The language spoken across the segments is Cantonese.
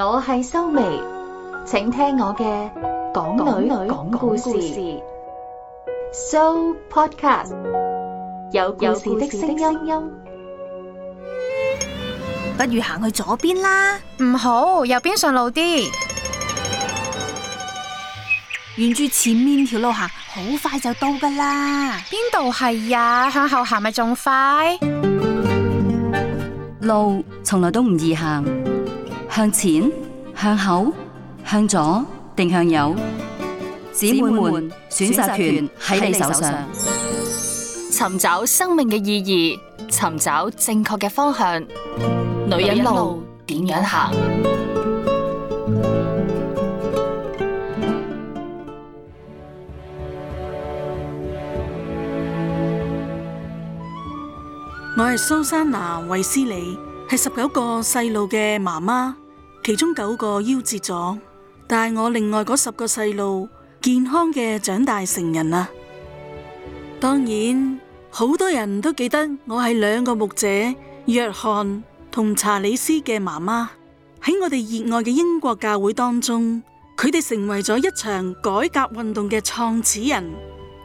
我係修眉，請聽我嘅講女女講故事，講故事，So Podcast 有故事的聲音，聲音，不如行去左邊啦，唔好，右邊順路啲，沿住前面條路行，好快就到噶啦。邊度係呀？向後行咪仲快？路從來都唔易行。向前，向後，向左定向右，姊妹們選擇權喺你手上。尋找生命嘅意義，尋找正確嘅方向。女人路點樣行？我係蘇珊娜·衛斯理，係十九個細路嘅媽媽。其中九個夭折咗，但係我另外嗰十個細路健康嘅長大成人啦、啊。當然，好多人都記得我係兩個牧者約翰同查理斯嘅媽媽。喺我哋熱愛嘅英國教會當中，佢哋成為咗一場改革運動嘅創始人。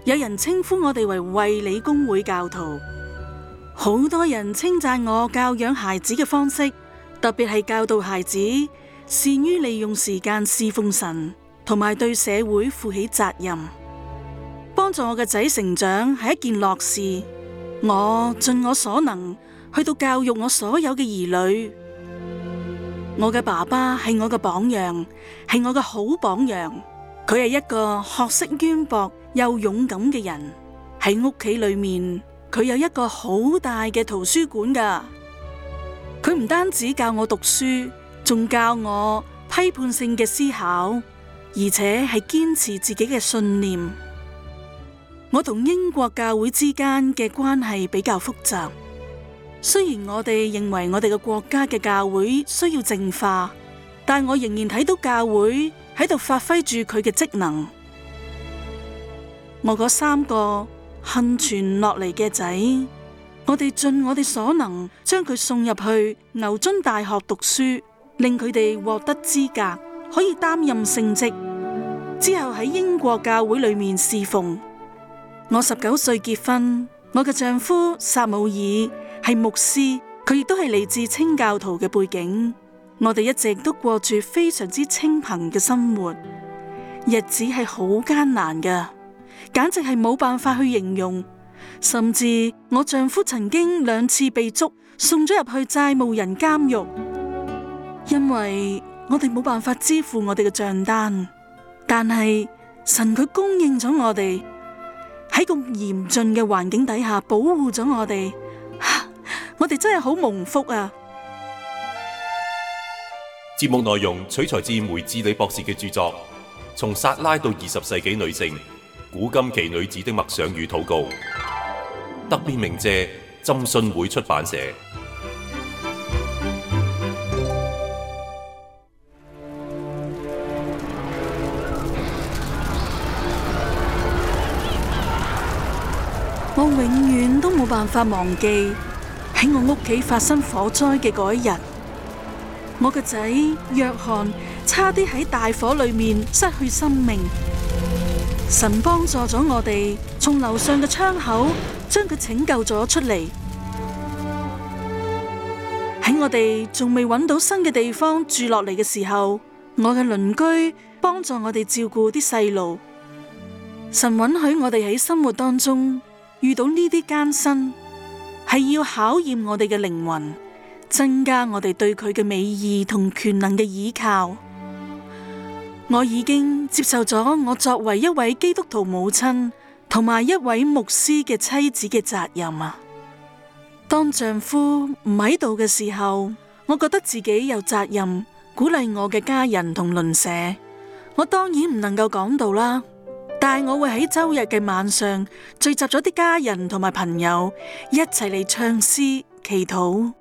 有人稱呼我哋為衛理公會教徒，好多人稱讚我教養孩子嘅方式。特別係教導孩子善於利用時間侍奉神，同埋對社會負起責任，幫助我嘅仔成長係一件樂事。我盡我所能去到教育我所有嘅兒女。我嘅爸爸係我嘅榜樣，係我嘅好榜樣。佢係一個學識淵博又勇敢嘅人。喺屋企裏面，佢有一個好大嘅圖書館㗎。佢唔單止教我讀書，仲教我批判性嘅思考，而且係堅持自己嘅信念。我同英國教會之間嘅關係比較複雜。雖然我哋認為我哋嘅國家嘅教會需要淨化，但我仍然睇到教會喺度發揮住佢嘅職能。我嗰三個幸存落嚟嘅仔。我哋盡我哋所能，將佢送入去牛津大學讀書，令佢哋獲得資格，可以擔任聖職。之後喺英國教會裏面侍奉。我十九歲結婚，我嘅丈夫撒母耳係牧師，佢亦都係嚟自清教徒嘅背景。我哋一直都過住非常之清貧嘅生活，日子係好艱難㗎，簡直係冇辦法去形容。甚至我丈夫曾經兩次被捉，送咗入去債務人監獄，因為我哋冇辦法支付我哋嘅賬單。但係神佢供應咗我哋，喺咁嚴峻嘅環境底下保護咗我哋，啊，我哋真係好蒙福啊！節目內容取材自梅智里博士嘅著作《從撒拉到二十世紀女性：古今奇女子的默想與禱告》。特別鳴謝針信會出版社。我永遠都冇辦法忘記喺我屋企發生火災嘅嗰一日，我個仔約翰差啲喺大火裏面失去生命。神幫助咗我哋從樓上嘅窗口，將佢拯救咗出嚟。喺我哋仲未揾到新嘅地方住落嚟嘅時候，我嘅鄰居幫助我哋照顧啲細路。神允許我哋喺生活當中遇到呢啲艱辛，係要考驗我哋嘅靈魂，增加我哋對佢嘅美意同權能嘅倚靠。我已經接受咗我作為一位基督徒母親。同埋一位牧師嘅妻子嘅責任啊，當丈夫唔喺度嘅時候，我覺得自己有責任鼓勵我嘅家人同鄰舍。我當然唔能夠講道啦，但係我會喺周日嘅晚上聚集咗啲家人同埋朋友一齊嚟唱詩祈禱。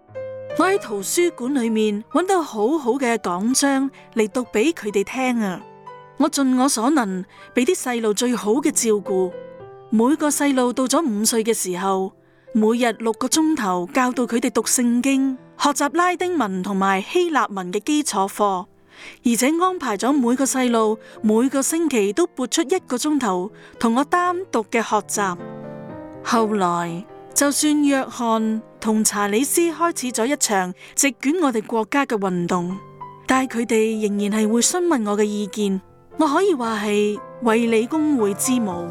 我喺圖書館裏面揾到好好嘅講章嚟讀俾佢哋聽啊！我盡我所能俾啲細路最好嘅照顧。每個細路到咗五歲嘅時候，每日六個鐘頭教導佢哋讀聖經，學習拉丁文同埋希臘文嘅基礎課，而且安排咗每個細路每個星期都撥出一個鐘頭同我單獨嘅學習。後來就算約翰同查理斯開始咗一場席捲我哋國家嘅運動，但係佢哋仍然係會詢問我嘅意見。我可以話係衛理公會之母。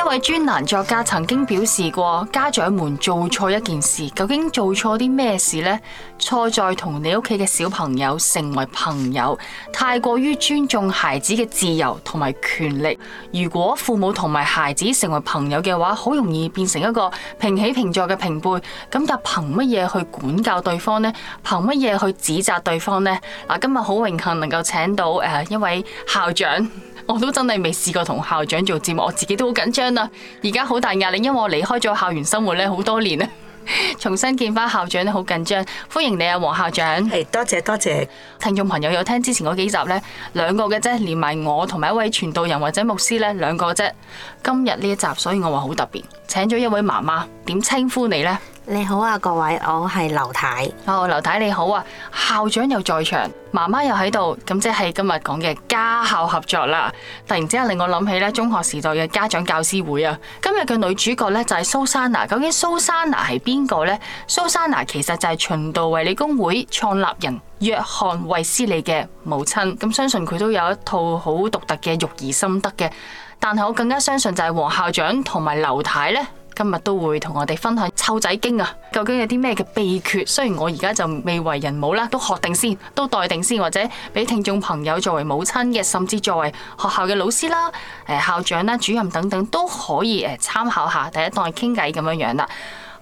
一位專欄作家曾經表示過，家長們做錯一件事，究竟做錯啲咩事呢？錯在同你屋企嘅小朋友成為朋友，太過於尊重孩子嘅自由同埋權力。如果父母同埋孩子成為朋友嘅話，好容易變成一個平起平坐嘅平輩，咁但憑乜嘢去管教對方呢？憑乜嘢去指責對方呢？」嗱，今日好榮幸能夠請到誒一位校長。我都真係未試過同校長做節目，我自己都好緊張啊。而家好大壓力，因為我離開咗校園生活咧好多年啦， 重新見翻校長咧好緊張。歡迎你啊，黃校長。係、hey, 多謝多謝。聽眾朋友有聽之前嗰幾集呢，兩個嘅啫，連埋我同埋一位傳道人或者牧師呢，兩個啫。今日呢一集，所以我話好特別，請咗一位媽媽，點稱呼你呢？你好啊，各位，我係劉太。哦，劉太你好啊！校長又在場，媽媽又喺度，咁即係今日講嘅家校合作啦。突然之間令我諗起咧，中學時代嘅家長教師會啊。今日嘅女主角咧就係蘇珊娜。究竟蘇珊娜係邊個呢？蘇珊娜其實就係循道衛理公會創立人約翰衛斯理嘅母親。咁相信佢都有一套好獨特嘅育兒心得嘅。但係我更加相信就係黃校長同埋劉太呢，今日都會同我哋分享《湊仔經》啊！究竟有啲咩嘅秘訣？雖然我而家就未為人母啦，都學定先，都待定先，或者俾聽眾朋友作為母親嘅，甚至作為學校嘅老師啦、校長啦、主任等等，都可以誒參考下第一代傾偈咁樣樣啦。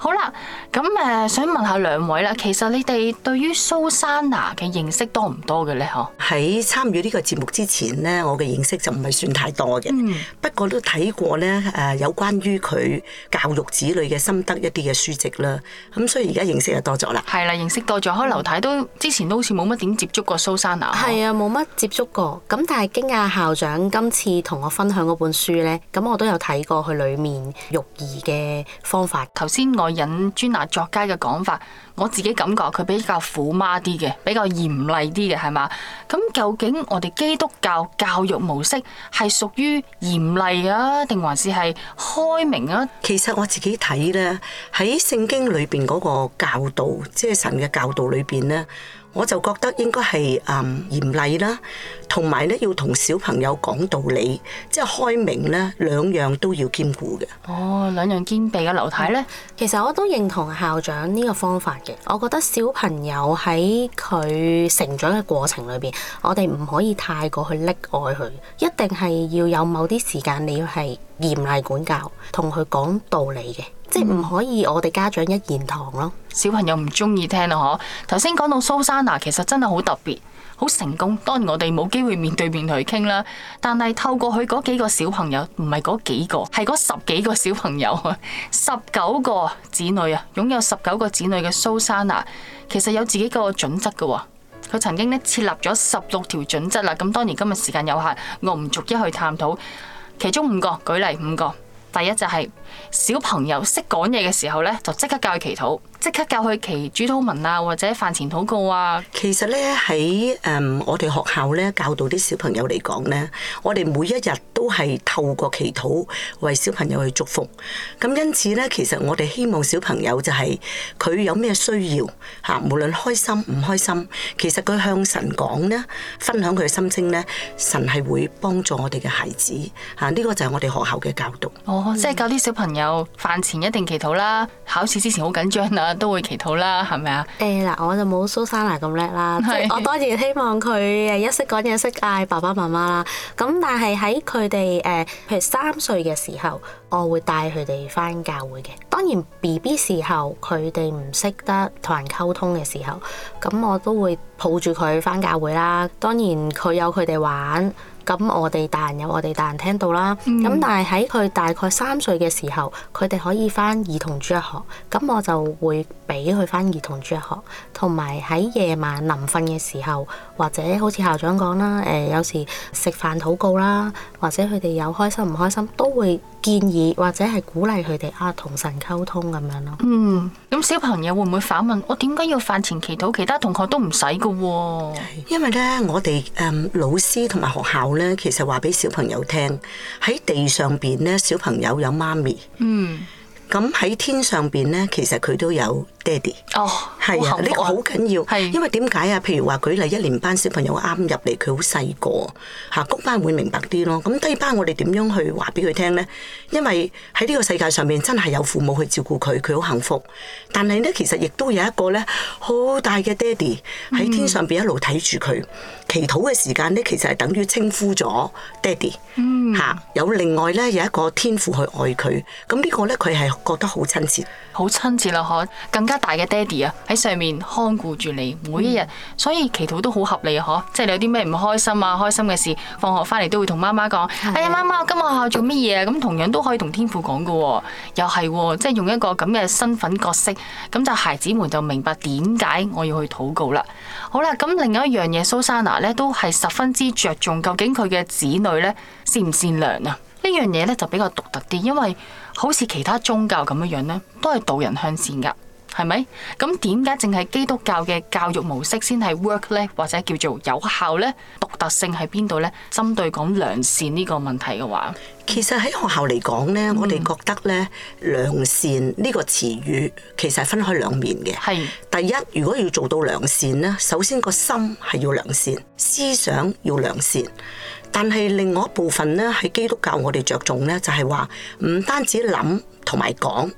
好啦，咁、嗯、誒想問下兩位啦，其實你哋對於蘇珊娜嘅認識多唔多嘅咧？嗬喺參與呢個節目之前咧，我嘅認識就唔係算太多嘅。嗯、不過都睇過咧誒，有關於佢教育子女嘅心得一啲嘅書籍啦。咁所以而家認識就多咗啦。係啦，認識多咗。開劉太都之前都好似冇乜點接觸過蘇珊娜。係啊，冇乜接觸過。咁但係經阿校長今次同我分享嗰本書咧，咁我都有睇過佢裏面育兒嘅方法。頭先我，引專欄作家嘅講法，我自己感覺佢比較虎媽啲嘅，比較嚴厲啲嘅係嘛？咁究竟我哋基督教教育模式係屬於嚴厲啊，定還是係開明啊？其實我自己睇咧，喺聖經裏邊嗰個教導，即係神嘅教導裏邊咧。我就覺得應該係誒、嗯、嚴厲啦，同埋咧要同小朋友講道理，即係開明咧，兩樣都要兼顧嘅。哦，兩樣兼備嘅。劉太呢，其實我都認同校長呢個方法嘅。我覺得小朋友喺佢成長嘅過程裏邊，我哋唔可以太過去溺愛佢，一定係要有某啲時間你要係嚴厲管教，同佢講道理嘅。即係唔可以我哋家長一言堂咯，小朋友唔中意聽咯嗬。頭先講到蘇珊娜，其實真係好特別，好成功。當然我哋冇機會面對面同佢傾啦，但係透過佢嗰幾個小朋友，唔係嗰幾個，係嗰十幾個小朋友啊，十九個子女啊，擁有十九個子女嘅蘇珊娜，其實有自己嗰個準則噶。佢曾經呢設立咗十六條準則啦。咁當然今日時間有限，我唔逐一去探討，其中五個，舉例五個。第一就係小朋友識講嘢嘅時候呢就即刻教佢祈禱。即刻教佢祈主禱文啊，或者飯前禱告啊。其實咧喺誒我哋學校咧教導啲小朋友嚟講咧，我哋每一日都係透過祈禱為小朋友去祝福。咁因此咧，其實我哋希望小朋友就係、是、佢有咩需要吓、啊，無論開心唔開心，其實佢向神講咧，分享佢嘅心聲咧，神係會幫助我哋嘅孩子吓。呢、啊這個就係我哋學校嘅教導。哦，即係教啲小朋友飯、嗯、前一定祈禱啦，考試之前好緊張啊！都會祈禱啦，係咪啊？誒嗱、欸，我就冇蘇珊娜咁叻啦，是即係我當然希望佢誒一識講嘢識嗌爸爸媽媽啦。咁但係喺佢哋誒，譬如三歲嘅時候，我會帶佢哋返教會嘅。當然 BB 時候佢哋唔識得同人溝通嘅時候，咁我都會抱住佢返教會啦。當然佢有佢哋玩。咁我哋大人有我哋大人聽到啦，咁、嗯、但係喺佢大概三歲嘅時候，佢哋可以返兒童主日學，咁我就會俾佢返兒童主日學，同埋喺夜晚臨瞓嘅時候。或者好似校長講啦，誒、呃、有時食飯禱告啦，或者佢哋有開心唔開心，都會建議或者係鼓勵佢哋啊同神溝通咁樣咯。嗯，咁小朋友會唔會反問我點解要飯前祈禱？其他同學都唔使㗎喎。因為咧，我哋誒、嗯、老師同埋學校咧，其實話俾小朋友聽喺地上邊咧，小朋友有媽咪。嗯。咁喺天上邊咧，其實佢都有。爹哋哦，係啊、oh, 的，呢個好緊要，係的因為點解啊？譬如話舉例，一年班小朋友啱入嚟，佢好細個，吓、啊、高班會明白啲咯。咁低班我哋點樣去話俾佢聽咧？因為喺呢個世界上面真係有父母去照顧佢，佢好幸福。但係咧，其實亦都有一個咧好大嘅爹哋喺天上邊一路睇住佢祈禱嘅時間咧，其實係等於稱呼咗爹哋，吓、mm. 啊、有另外咧有一個天父去愛佢。咁呢個咧，佢係覺得好親切，好親切咯，可更加。大嘅爹地啊，喺上面看顧住你每一日，嗯、所以祈禱都好合理嗬。即係你有啲咩唔開心啊，開心嘅事，放學翻嚟都會同媽媽講。嗯、哎呀，媽媽，今日學校做乜嘢？咁同樣都可以同天父講噶、哦，又係、哦、即係用一個咁嘅身份角色，咁就孩子們就明白點解我要去禱告啦。好啦，咁另一樣嘢，蘇珊娜咧都係十分之着重，究竟佢嘅子女咧善唔善良啊？樣呢樣嘢咧就比較獨特啲，因為好似其他宗教咁樣樣咧，都係導人向善噶。係咪咁？點解淨係基督教嘅教育模式先係 work 咧，或者叫做有效咧？獨特性喺邊度咧？針對講良善呢個問題嘅話，其實喺學校嚟講咧，我哋覺得咧，良善呢個詞語其實係分開兩面嘅。係，第一，如果要做到良善咧，首先個心係要良善，思想要良善，但係另外一部分咧，喺基督教我哋着重咧，就係話唔單止諗同埋講，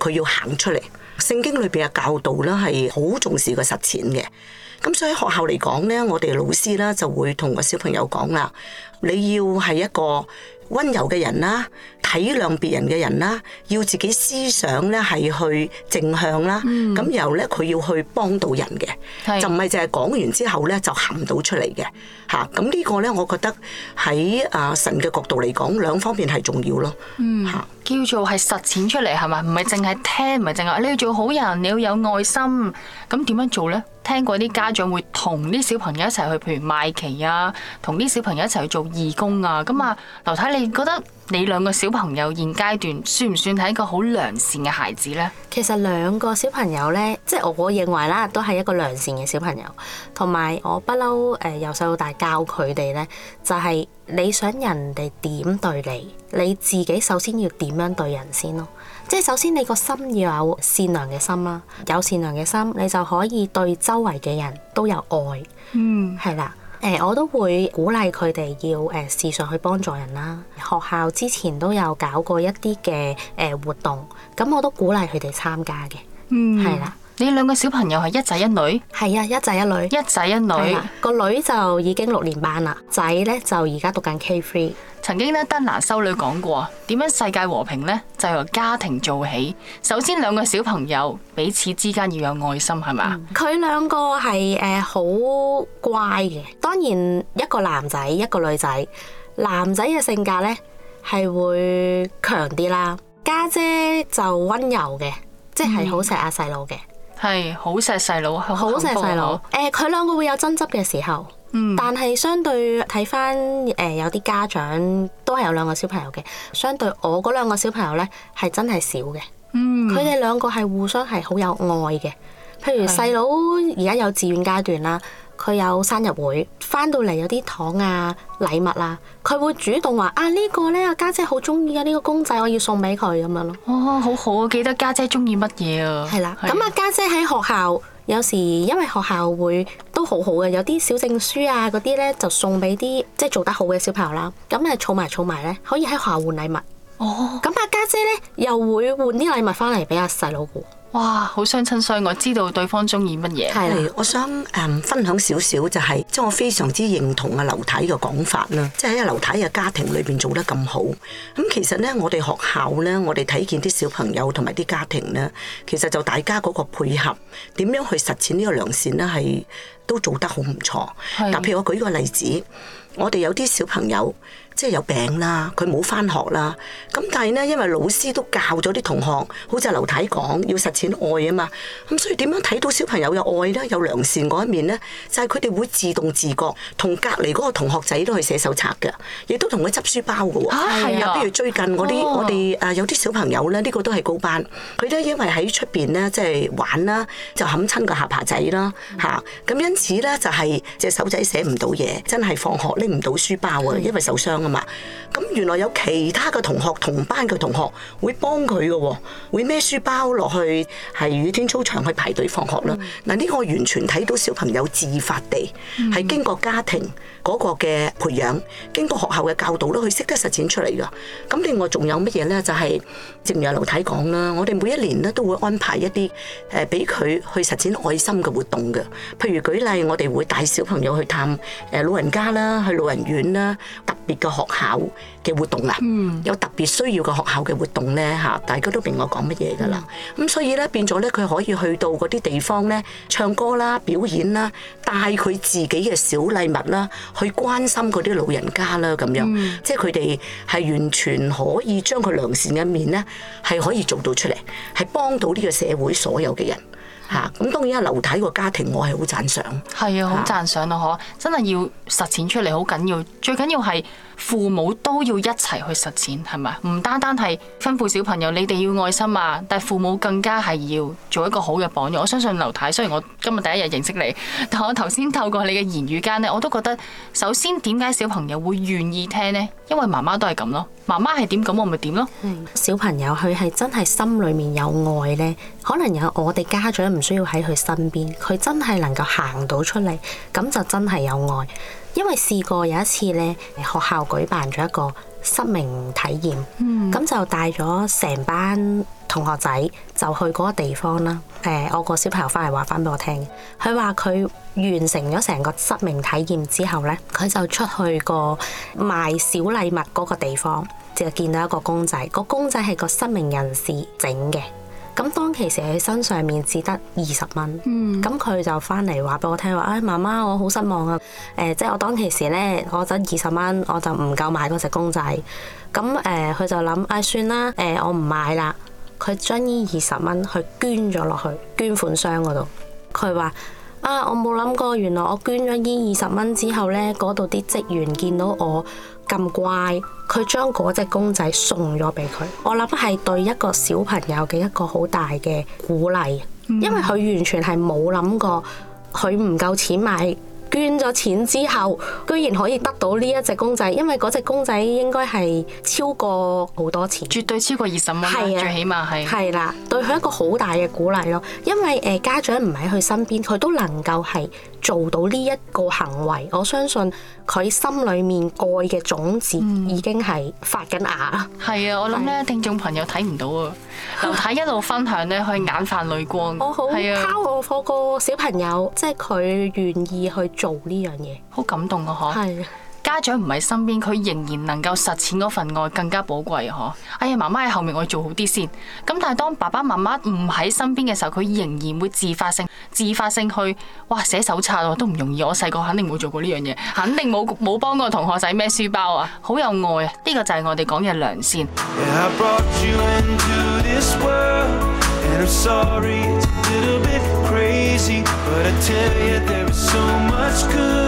佢要行出嚟。聖經裏邊嘅教導咧，係好重視個實踐嘅。咁所以學校嚟講咧，我哋老師咧就會同個小朋友講啦，你要係一個溫柔嘅人啦，體諒別人嘅人啦，要自己思想咧係去正向啦，咁又咧佢要去幫到人嘅，是就唔係淨係講完之後咧就行唔到出嚟嘅。吓，咁呢個咧，我覺得喺啊神嘅角度嚟講，兩方面係重要咯，吓、嗯、是叫做係實踐出嚟係咪？唔係淨係聽，唔係淨係你要做好人，你要有愛心，咁點樣做咧？聽過啲家長會同啲小朋友一齊去，譬如賣旗啊，同啲小朋友一齊去做義工啊。咁啊，劉太，你覺得你兩個小朋友現階段算唔算係一個好良善嘅孩子呢？其實兩個小朋友呢，即係我認為啦，都係一個良善嘅小朋友。同埋我不嬲誒，由細到大教佢哋呢，就係你想人哋點對你，你自己首先要點樣對人先咯。即係首先你個心要有善良嘅心啦，有善良嘅心，你就可以對周圍嘅人都有愛。嗯，係啦，誒，我都會鼓勵佢哋要誒，時常去幫助人啦。學校之前都有搞過一啲嘅誒活動，咁我都鼓勵佢哋參加嘅。嗯，係啦。你兩個小朋友係一仔一女？係啊，一仔一女。一仔一女，個女就已經六年班啦，仔呢就而家讀緊 K3。曾經呢，德蘭修女講過，點樣世界和平呢，就係由家庭做起。首先，兩個小朋友彼此之間要有愛心，係咪啊？佢兩個係誒好乖嘅，當然一個男仔一個女仔，男仔嘅性格呢係會強啲啦，家姐就温柔嘅，即係好錫阿細佬嘅。係好錫細佬，好錫細佬。誒，佢兩我、呃、個會有爭執嘅時候，嗯、但係相對睇返，誒、呃，有啲家長都係有兩個小朋友嘅。相對我嗰兩個小朋友呢，係真係少嘅。佢哋兩個係互相係好有愛嘅。譬如細佬而家有志願階段啦。佢有生日會，翻到嚟有啲糖啊、禮物啊，佢會主動話啊，呢個呢，阿家姐好中意啊，呢個公仔我要送俾佢咁樣咯。哦，好好啊，記得家姐中意乜嘢啊？係啦的，咁阿家姐喺學校有時因為學校會都好好嘅，有啲小證書啊嗰啲呢，就送俾啲即係做得好嘅小朋友啦。咁啊儲埋儲埋呢，可以喺學校換禮物。哦。咁阿家姐呢，又會換啲禮物翻嚟俾阿細佬哇！好相親，所以我知道對方中意乜嘢。係，我想誒分享少少就係，即係我非常之認同阿劉太嘅講法啦。即係喺阿劉太嘅家庭裏邊做得咁好。咁其實呢，我哋學校咧，我哋睇見啲小朋友同埋啲家庭呢，其實就大家嗰個配合點樣去實踐呢個良善呢，係都做得好唔錯。嗱的，譬如我舉個例子，我哋有啲小朋友。即係有病啦，佢冇返學啦。咁但係呢，因為老師都教咗啲同學，好似阿劉太講，要實踐愛啊嘛。咁所以點樣睇到小朋友有愛呢，有良善嗰一面呢，就係佢哋會自動自覺，同隔離嗰個同學仔都去寫手冊嘅，亦都同佢執書包嘅喎。嚇係啊！譬如最近嗰啲，我哋啊有啲小朋友呢，呢個都係高班，佢都因為喺出邊呢，即係玩啦，就冚親個下巴仔啦嚇。咁、啊、因此呢，就係隻手仔寫唔到嘢，真係放學拎唔到書包啊，因為受傷。咁原來有其他嘅同學，同班嘅同學會幫佢嘅，會孭書包落去，系雨天操場去排隊放學啦。嗱、嗯，呢個完全睇到小朋友自發地係、嗯、經過家庭，嗰個嘅培養，經過學校嘅教導啦，佢識得實踐出嚟噶。咁另外仲有乜嘢咧？就係、是、正如阿劉太講啦，我哋每一年咧都會安排一啲誒俾佢去實踐愛心嘅活動嘅。譬如舉例，我哋會帶小朋友去探誒老人家啦，去老人院啦，特別嘅學校嘅活動啊，嗯、有特別需要嘅學校嘅活動咧嚇，大家都明我講乜嘢噶啦。咁所以咧變咗咧，佢可以去到嗰啲地方咧唱歌啦、表演啦，帶佢自己嘅小禮物啦，去關心嗰啲老人家啦，咁樣，嗯、即係佢哋係完全可以將佢良善嘅面咧，係可以做到出嚟，係幫到呢個社會所有嘅人嚇。咁、啊、當然啊，劉太個家庭，我係好讚賞，係、嗯、啊，好讚賞咯，嗬！真係要實踐出嚟，好緊要，最緊要係。父母都要一齊去實踐，係咪？唔單單係吩咐小朋友，你哋要愛心啊！但係父母更加係要做一個好嘅榜樣。我相信劉太，雖然我今日第一日認識你，但我頭先透過你嘅言語間咧，我都覺得首先點解小朋友會願意聽呢？因為媽媽都係咁咯，媽媽係點咁，我咪點咯。小朋友佢係真係心裡面有愛呢，可能有我哋家長唔需要喺佢身邊，佢真係能夠行到出嚟，咁就真係有愛。因為試過有一次咧，學校舉辦咗一個失明體驗，咁、嗯、就帶咗成班同學仔就去嗰個地方啦。誒，我個小朋友翻嚟話翻俾我聽，佢話佢完成咗成個失明體驗之後咧，佢就出去個賣小禮物嗰個地方，就見到一個公仔，個公仔係個失明人士整嘅。咁當其時喺身上面只得二十蚊，咁佢、嗯、就返嚟話俾我聽話，唉、哎、媽媽，我好失望啊！誒、呃，即係我當其時呢，我就二十蚊，我就唔夠買嗰隻公仔。咁、嗯、誒，佢、呃、就諗，唉、哎、算啦，誒、呃、我唔買啦。佢將呢二十蚊去捐咗落去捐款箱嗰度。佢話，啊，我冇諗過，原來我捐咗呢二十蚊之後呢，嗰度啲職員見到我。咁乖，佢將嗰隻公仔送咗俾佢，我諗係對一個小朋友嘅一個好大嘅鼓勵，因為佢完全係冇諗過佢唔夠錢買。捐咗錢之後，居然可以得到呢一隻公仔，因為嗰隻公仔應該係超過好多錢，絕對超過二十蚊，啊、最起碼係係啦，對佢一個好大嘅鼓勵咯。因為誒、呃、家長唔喺佢身邊，佢都能夠係做到呢一個行為，我相信佢心裏面愛嘅種子已經係發緊芽啦。係、嗯、 啊，我諗咧，聽眾朋友睇唔到啊。劉太一路分享咧，佢 眼泛淚光。 的我好，敲我個小朋友，即係佢願意去做呢樣嘢，好感動啊！嗬。家長唔喺身邊，佢仍然能夠實踐嗰份愛更加寶貴呵。哎呀，媽媽喺後面，我要做好啲先。咁但係當爸爸媽媽唔喺身邊嘅時候，佢仍然會自發性、自發性去，哇，寫手冊哦、啊，都唔容易。我細個肯定冇做過呢樣嘢，肯定冇冇幫過同學仔孭書包啊，好有愛啊！呢、這個就係我哋講嘅良善。Yeah,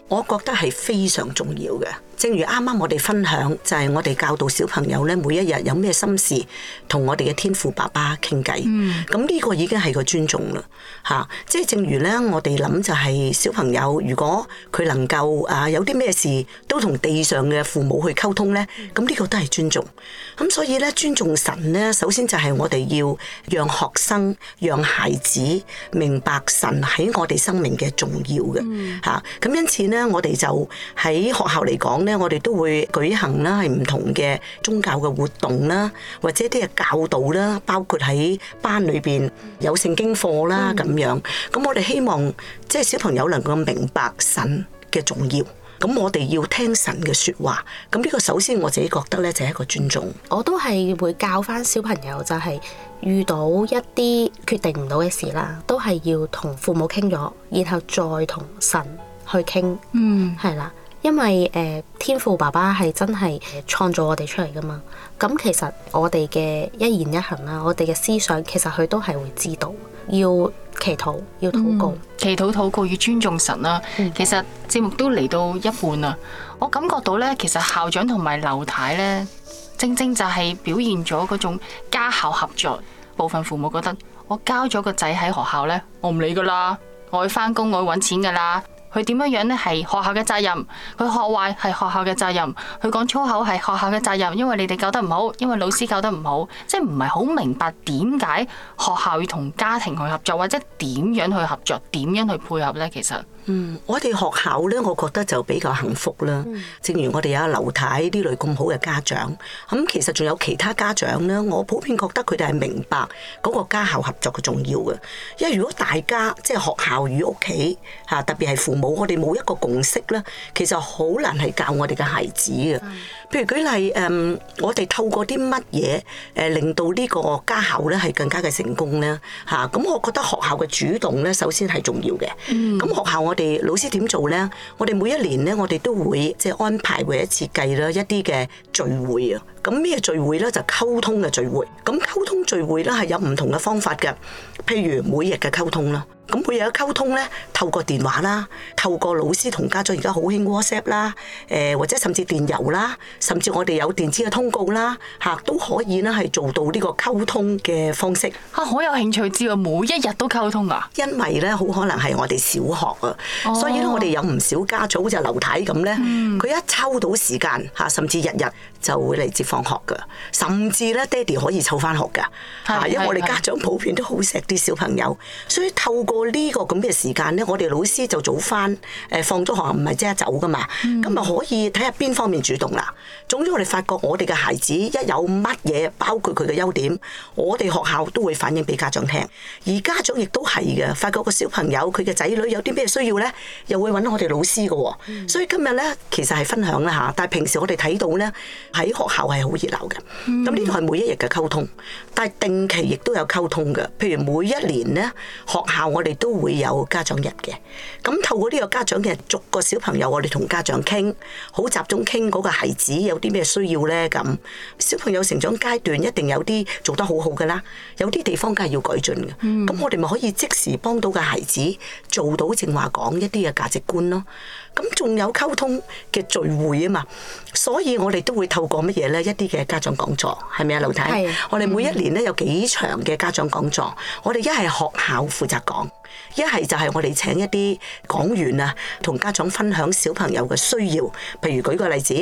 我覺得係非常重要嘅，正如啱啱我哋分享，就係、是、我哋教導小朋友咧，每一日有咩心事，同我哋嘅天父爸爸傾偈。咁呢、嗯、個已經係個尊重啦，嚇、啊！即係正如咧，我哋諗就係小朋友，如果佢能夠啊有啲咩事都同地上嘅父母去溝通咧，咁呢、嗯、個都係尊重。咁所以咧，尊重神咧，首先就係我哋要讓學生、讓孩子明白神喺我哋生命嘅重要嘅嚇。咁、嗯啊、因此咧。我哋就喺學校嚟講咧，我哋都會舉行啦，係唔同嘅宗教嘅活動啦，或者啲嘅教導啦，包括喺班裏邊有聖經課啦，咁樣咁、嗯、我哋希望即係、就是、小朋友能夠明白神嘅重要，咁我哋要聽神嘅說話。咁呢個首先我自己覺得咧，就係、是、一個尊重。我都係會教返小朋友，就係、是、遇到一啲決定唔到嘅事啦，都係要同父母傾咗，然後再同神去傾，係啦、嗯，因為誒、呃、天父爸爸係真係創造我哋出嚟噶嘛。咁其實我哋嘅一言一行啊，我哋嘅思想，其實佢都係會知道。要祈禱，要禱告，嗯、祈禱禱告要尊重神啦、啊。其實節目都嚟到一半啦，我感覺到咧，其實校長同埋劉太咧，正正就係表現咗嗰種家校合作。部分父母覺得我交咗個仔喺學校咧，我唔理噶啦，我去翻工，我去搵錢噶啦。佢點樣樣咧？係學校嘅責任，佢學壞係學校嘅責任，佢講粗口係學校嘅責任，因為你哋教得唔好，因為老師教得唔好，即係唔係好明白點解學校要同家庭去合作，或者點樣去合作，點樣去配合呢？其實。嗯，我哋學校咧，我覺得就比較幸福啦。嗯、正如我哋有阿劉太呢類咁好嘅家長，咁其實仲有其他家長咧。我普遍覺得佢哋係明白嗰個家校合作嘅重要嘅。因為如果大家即係學校與屋企吓，特別係父母，我哋冇一個共識咧，其實好難係教我哋嘅孩子嘅。嗯譬如舉例，誒，我哋透過啲乜嘢誒，令到呢個家校咧係更加嘅成功咧嚇。咁、啊、我覺得學校嘅主動咧，首先係重要嘅。咁、嗯、學校我哋老師點做咧？我哋每一年咧，我哋都會即係安排或者設計啦一啲嘅聚會啊。咁咩聚會咧？就溝通嘅聚會。咁溝通聚會咧係有唔同嘅方法嘅，譬如每日嘅溝通啦。咁每日嘅溝通咧，透過電話啦，透過老師同家長而家好興 WhatsApp 啦，誒或者甚至電郵啦，甚至我哋有電子嘅通告啦，嚇、啊、都可以咧係做到呢個溝通嘅方式。嚇、啊、好有興趣知啊，每一日都溝通噶、啊。因為咧好可能係我哋小學啊，哦、所以咧我哋有唔少家長好似阿劉太咁咧，佢、嗯、一抽到時間嚇、啊，甚至日日就會嚟接放學噶，甚至咧爹哋可以湊翻學噶，嚇、啊、因為我哋家長普遍都好錫啲小朋友，所以透過呢個咁嘅時間呢，我哋老師就早返，誒、呃、放咗學唔係即刻走噶嘛，咁咪、嗯、可以睇下邊方面主動啦。總之我哋發覺我哋嘅孩子一有乜嘢，包括佢嘅優點，我哋學校都會反映俾家長聽，而家長亦都係嘅，發覺個小朋友佢嘅仔女有啲咩需要呢，又會搵我哋老師噶、哦。嗯、所以今日呢，其實係分享啦吓，但係平時我哋睇到呢，喺學校係好熱鬧嘅，咁呢度係每一日嘅溝通，但係定期亦都有溝通嘅，譬如每一年呢，學校我哋都會有家長日嘅，咁透過呢個家長日逐個小朋友，我哋同家長傾，好集中傾嗰個孩子有啲咩需要呢？咁小朋友成長階段一定有啲做得好好㗎啦，有啲地方梗係要改進嘅。咁我哋咪可以即時幫到個孩子做到正話講一啲嘅價值觀咯。咁仲有溝通嘅聚會啊嘛，所以我哋都會透過乜嘢呢？一啲嘅家長講座，係咪啊，劉太？係，我哋每一年咧有幾場嘅家長講座，嗯、我哋一係學校負責講。一係就係我哋請一啲講員啊，同家長分享小朋友嘅需要，譬如舉個例子，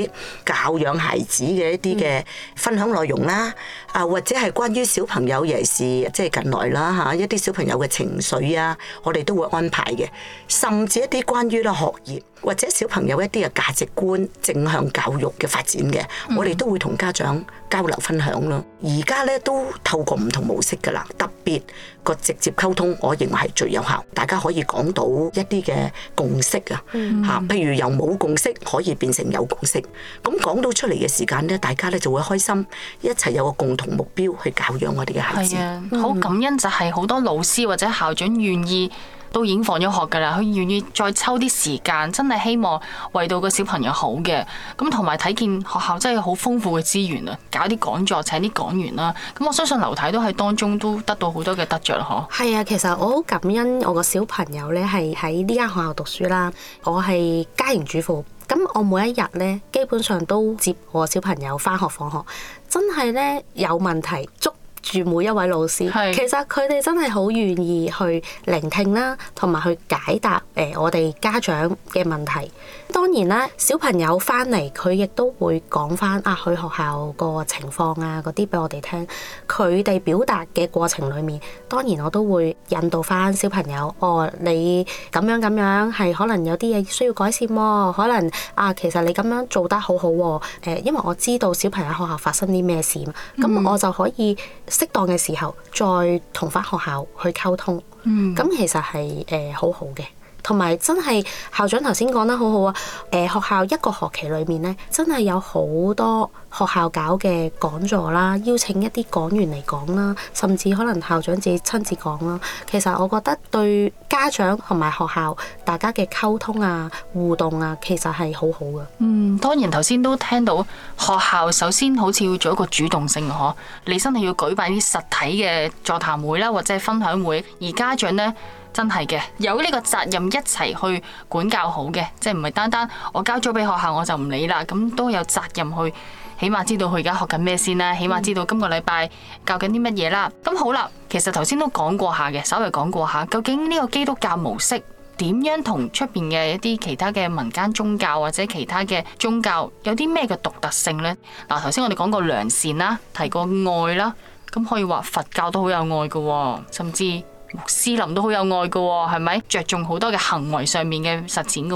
教養孩子嘅一啲嘅分享內容，啊、啦，啊或者係關於小朋友亦事，即係近來啦吓一啲小朋友嘅情緒啊，我哋都會安排嘅，甚至一啲關於啦學業或者小朋友一啲嘅價值觀，正向教育嘅發展嘅，我哋都會同家長。交流分享咯，而家咧都透過唔同模式噶啦，特別個直接溝通，我認為係最有效。大家可以講到一啲嘅共識啊，吓、嗯，譬如由冇共識可以變成有共識，咁講到出嚟嘅時間咧，大家咧就會開心，一齊有個共同目標去教養我哋嘅孩子。係啊、好、嗯、感恩就係好多老師或者校長願意，都已經放咗學㗎啦，佢願意再抽啲時間，真係希望為到個小朋友好嘅。咁同埋睇見學校真係好豐富嘅資源啊，搞啲講座請啲講員啦。咁我相信劉太都喺當中都得到好多嘅得着。嗬？係啊，其實我好感恩我個小朋友呢，係喺呢間學校讀書啦。我係家庭主婦，咁我每一日呢，基本上都接我小朋友翻學放學，真係呢，有問題捉住每一位老師，是其實佢哋真係好願意去聆聽啦，同埋去解答誒、呃、我哋家長嘅問題。當然啦，小朋友翻嚟佢亦都會講翻啊，去學校個情況啊，嗰啲俾我哋聽。佢哋表達嘅過程裏面，當然我都會引導翻小朋友。哦，你咁樣咁樣係可能有啲嘢需要改善喎、哦。可能啊，其實你咁樣做得好好、哦、喎、呃。因為我知道小朋友學校發生啲咩事嘛，咁、嗯、我就可以適當嘅時候再同翻學校去溝通。嗯，咁其實係誒、呃、好好嘅。同埋真係校長頭先講得好好啊！誒，學校一個學期裏面咧，真係有好多學校搞嘅講座啦，邀請一啲講員嚟講啦，甚至可能校長自己親自講啦。其實我覺得對家長同埋學校大家嘅溝通啊、互動啊，其實係好好嘅。嗯，當然頭先都聽到學校首先好似要做一個主動性嗬，你真係要舉辦啲實體嘅座談會啦，或者分享會，而家長呢。真係嘅，有呢個責任一齊去管教好嘅，即係唔係單單我交咗俾學校我就唔理啦。咁都有責任去，起碼知道佢而家學緊咩先啦，起碼知道今個禮拜教緊啲乜嘢啦。咁好啦，其實頭先都講過下嘅，稍微講過下，究竟呢個基督教模式點樣同出邊嘅一啲其他嘅民間宗教或者其他嘅宗教有啲咩嘅獨特性呢？嗱，頭先我哋講過良善啦，提過愛啦，咁可以話佛教都好有愛㗎，甚至。穆斯林都好有愛噶係咪？着重好多嘅行為上面嘅實踐噶。誒、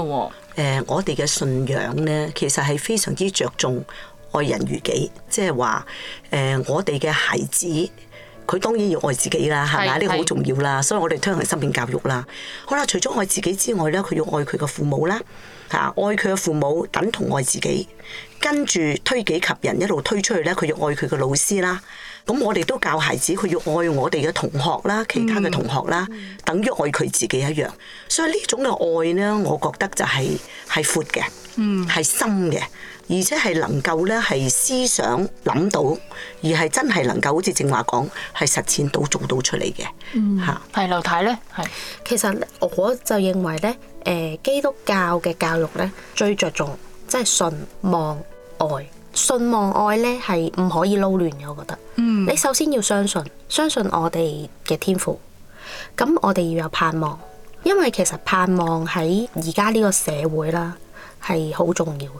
呃，我哋嘅信仰咧，其實係非常之着重愛人如己，即係話，誒、呃，我哋嘅孩子，佢當然要愛自己啦，係咪？呢個好重要啦。所以我哋推行生命教育啦。好啦，除咗愛自己之外咧，佢要愛佢嘅父母啦，吓、啊，愛佢嘅父母等同愛自己，跟住推己及人，一路推出去咧，佢要愛佢嘅老師啦。咁我哋都教孩子佢要愛我哋嘅同學啦，其他嘅同學啦，等於愛佢自己一樣。所以呢種嘅愛咧，我覺得就係係闊嘅，係深嘅，而且係能夠咧係思想諗到，而係真係能夠好似正話講係實踐到做到出嚟嘅。吓，係劉太咧？係，其實我就認為咧，誒基督教嘅教育咧最着重即係信望愛。信望愛咧係唔可以撈亂嘅，我覺得。嗯、你首先要相信，相信我哋嘅天賦。咁我哋要有盼望，因為其實盼望喺而家呢個社會啦係好重要。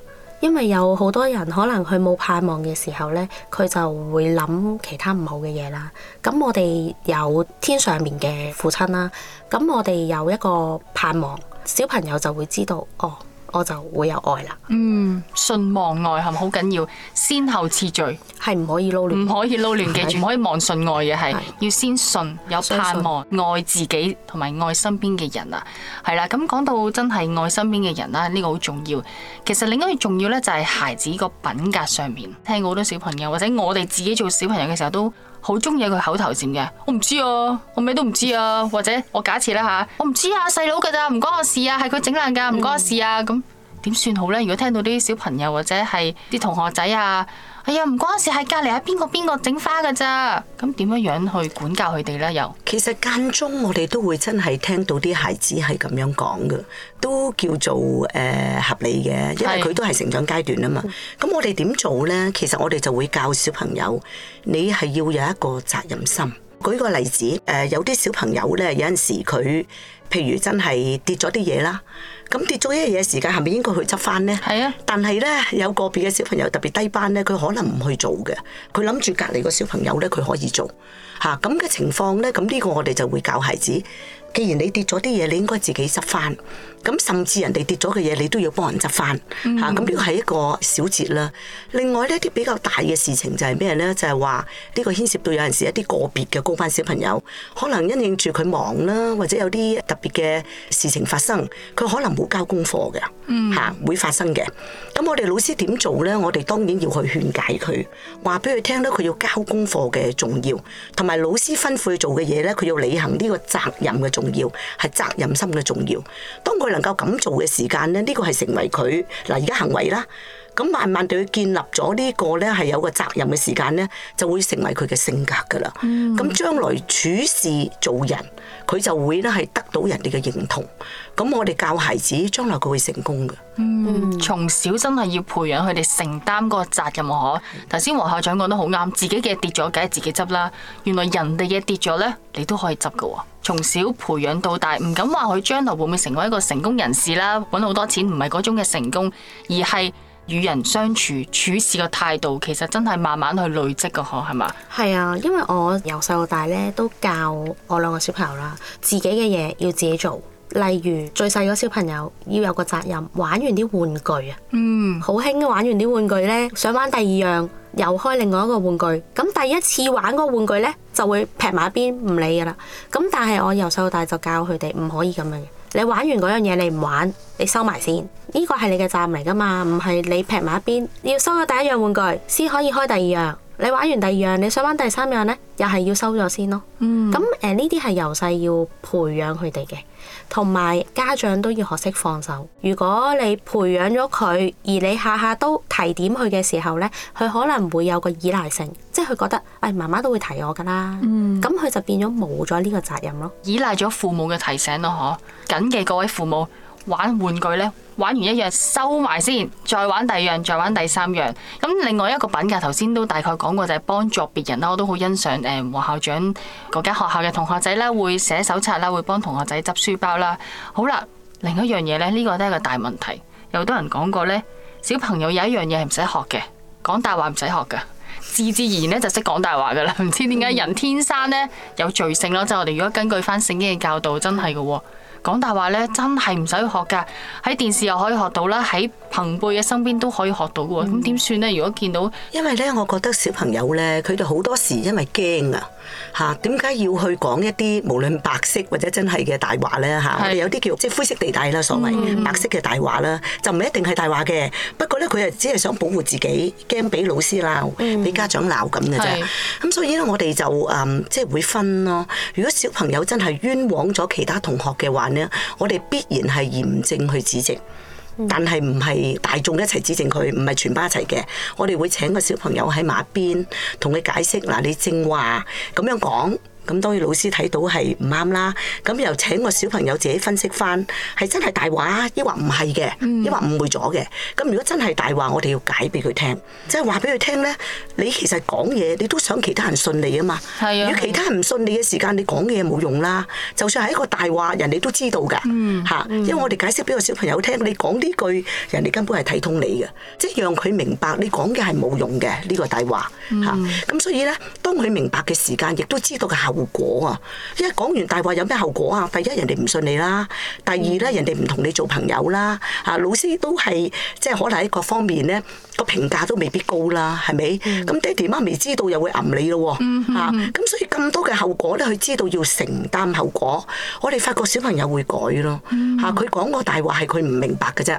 因為有好多人可能佢冇盼望嘅時候呢，佢就會諗其他唔好嘅嘢啦。咁我哋有天上面嘅父親啦，咁我哋有一個盼望，小朋友就會知道哦。我就會有愛啦。嗯，信望愛係咪好緊要？先後次序係唔可以撈亂，唔可以撈亂嘅，記住，唔可以望信愛嘅。係要先信，有盼望，信信愛，自己同埋愛身邊嘅人啊。係啦，咁講到真係愛身邊嘅人啦，呢個好重要。其實另一個重要呢，就係孩子個品格上面，聽過好多小朋友或者我哋自己做小朋友嘅時候都。好中意佢口頭禪嘅，我唔知啊，我咩都唔知啊，或者我假設啦嚇，啊，我唔知啊細佬噶咋，唔關我事啊，係佢整爛㗎，唔關我事啊，咁點算好呢？如果聽到啲小朋友或者係啲同學仔啊～係啊，唔、哎、關事，係隔籬喺邊個邊個整花嘅咋。咁點樣樣去管教佢哋咧？又其實間中我哋都會真係聽到啲孩子係咁樣講嘅，都叫做誒、呃、合理嘅，因為佢都係成長階段啊嘛。咁是我哋點做咧？其實我哋就會教小朋友，你係要有一個責任心。舉個例子，誒，有啲小朋友咧，有陣時佢譬如真係跌咗啲嘢啦。咁跌咗一嘢時間，係咪應該去執翻呢？係啊，但係呢，有個別嘅小朋友特別低班呢，佢可能唔去做嘅，佢諗住隔離個小朋友呢，佢可以做吓，咁嘅情況呢，咁呢個我哋就會教孩子。既然你跌咗啲嘢，你應該自己執翻。咁甚至人哋跌咗嘅嘢，你都要幫人執翻嚇。咁呢個係一個小節啦。另外呢啲比較大嘅事情就係咩咧？就係話呢個牽涉到有陣時一啲個別嘅高班小朋友，可能因應住佢忙啦，或者有啲特別嘅事情發生，佢可能冇交功課嘅嚇，會發生嘅。咁我哋老師點做咧？我哋當然要去勸解佢，話俾佢聽咧，佢要交功課嘅重要，同埋老師吩咐佢做嘅嘢咧，佢要履行呢個責任嘅重。重要係責任心嘅重要，當佢能夠咁做嘅時間呢，呢個係成為佢嗱，而家行為啦。咁慢慢對佢建立咗呢個咧，係有個責任嘅時間咧，就會成為佢嘅性格噶啦。咁將、嗯、來處事做人，佢就會咧係得到人哋嘅認同。咁我哋教孩子，將來佢會成功嘅。嗯，從小真係要培養佢哋承擔個責任啊！嗬。頭先黃校長講得好啱，自己嘅跌咗，梗係自己執啦。原來人哋嘅跌咗咧，你都可以執噶。從小培養到大，唔敢話佢將來會唔會成為一個成功人士啦，搵好多錢，唔係嗰種嘅成功，而係。與人相處、處事嘅態度，其實真係慢慢去累積㗎嗬，係嘛？係啊，因為我由細到大咧都教我兩個小朋友啦，自己嘅嘢要自己做。例如最細個小朋友要有個責任，玩完啲玩具啊，嗯，好興玩完啲玩具咧，想玩第二樣，又開另外一個玩具。咁第一次玩嗰個玩具咧，就會劈埋一邊唔理噶啦。咁但係我由細到大就教佢哋唔可以咁樣。你玩完嗰樣嘢，你唔玩，你收埋先。呢個係你嘅責任嚟噶嘛，唔係你劈埋一邊。要收咗第一樣玩具，先可以開第二樣。你玩完第二樣，你想玩第三樣呢，又係要收咗先咯。嗯。咁、呃、誒，呢啲係由細要培養佢哋嘅。同埋家長都要學識放手。如果你培養咗佢，而你下下都提點佢嘅時候呢，佢可能會有個依賴性，即係佢覺得，哎，媽媽都會提我噶啦，咁佢、嗯、就變咗冇咗呢個責任咯，依賴咗父母嘅提醒咯，嗬？謹記各位父母。玩玩具呢，玩完一樣收埋先，再玩第二樣，再玩第三樣。咁另外一個品格，頭先都大概講過就係、是、幫助別人啦。我都好欣賞誒黃、嗯、校長嗰間學校嘅同學仔呢，會寫手冊啦，會幫同學仔執書包啦。好啦，另一樣嘢呢，呢、這個都係個大問題。有好多人講過呢，小朋友有一樣嘢係唔使學嘅，講大話唔使學噶，自自然呢就識講大話噶啦。唔 知點解人天生呢有罪性咯。即係我哋如果根據翻聖經嘅教導，真係嘅喎。講大話咧，真係唔使學㗎，喺電視又可以學到啦，喺朋輩嘅身邊都可以學到嘅喎。咁點算咧？如果見到，因為咧，我覺得小朋友咧，佢哋好多時因為驚啊。吓，點解要去講一啲無論白色或者真係嘅大話咧？吓是，我哋有啲叫即係灰色地帶啦，所謂、嗯、白色嘅大話啦，就唔一定係大話嘅。不過咧，佢係只係想保護自己，驚俾老師鬧，俾、嗯、家長鬧咁嘅啫。咁是所以咧，我哋就誒、嗯，即係會分咯。如果小朋友真係冤枉咗其他同學嘅話咧，我哋必然係嚴正去指責。但係唔係大眾一齊指證佢，唔係全班一齊嘅。我哋會請個小朋友喺埋一邊，同佢解釋嗱，你正話咁樣講。咁當然老師睇到係唔啱啦，咁又請個小朋友自己分析翻，係真係大話，抑或唔係嘅，抑或誤會咗嘅。咁如果真係大話，我哋要解俾佢聽，即係話俾佢聽咧，你其實講嘢，你都想其他人信你啊嘛。如果其他人唔信你嘅時間，你講嘢冇用啦。就算係一個大話，人哋都知道㗎。嚇，因為我哋解釋俾個小朋友聽，你講呢句，人哋根本係睇通你嘅，即係讓佢明白你講嘅係冇用嘅呢個大話。嚇，咁所以咧，當佢明白嘅時間，亦都知道嘅效。後果啊！一講完大話有咩後果啊？第一，人哋唔信你啦，第二咧，人哋唔同你做朋友啦。啊，老師都係即係可能喺各方面咧，個評價都未必高啦，係咪？咁爹哋媽咪知道又會吟你咯，吓，咁所以咁多嘅後果咧，佢知道要承擔後果。我哋發覺小朋友會改咯，吓，佢講個大話係佢唔明白嘅啫。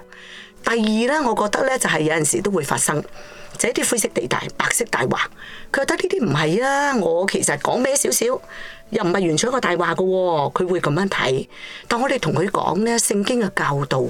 第二咧，我覺得咧就係有陣時都會發生。或者啲灰色地帶，白色大話，佢覺得呢啲唔係啊！我其實講咩少少，又唔係完全一個大話噶。佢會咁樣睇，但我哋同佢講咧，聖經嘅教導，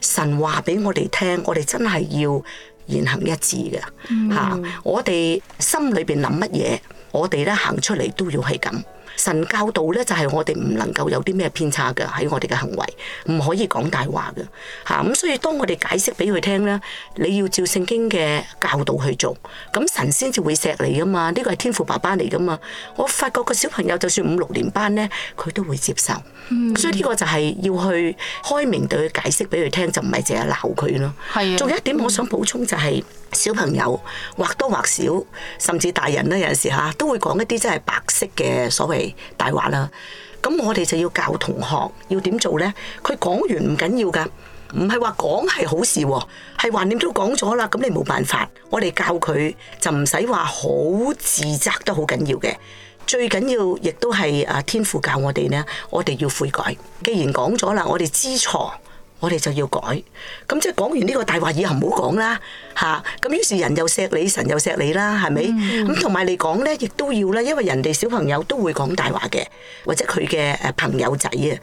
神話俾我哋聽，我哋真係要言行一致嘅吓、嗯啊。我哋心裏邊諗乜嘢，我哋咧行出嚟都要係咁。神教導咧，就係我哋唔能夠有啲咩偏差嘅喺我哋嘅行為，唔可以講大話嘅嚇。咁、啊、所以當我哋解釋俾佢聽咧，你要照聖經嘅教導去做，咁神先至會錫你噶嘛。呢個係天父爸爸嚟噶嘛。我發覺個小朋友就算五六年班咧，佢都會接受。嗯、所以呢個就係要去開明對佢解釋俾佢聽，就唔係淨係鬧佢咯。係啊的。仲有一點我想補充就係、是、小朋友或多或少，甚至大人咧有陣時嚇、啊、都會講一啲即係白色嘅所謂大話啦，咁 我哋就要教同學要點做呢？佢講完唔緊要噶，唔係話講係好事，係話你都講咗啦，咁你冇辦法。我哋教佢就唔使話好自責都好緊要嘅，最緊要亦都係啊天父教我哋呢，我哋要悔改。既然講咗啦，我哋知錯。我哋就要改，咁即係講完呢個大話以後唔好講啦，吓、啊，咁於是人又錫你，神又錫你啦，係咪？咁同埋嚟講呢，亦都要啦，因為人哋小朋友都會講大話嘅，或者佢嘅朋友仔啊。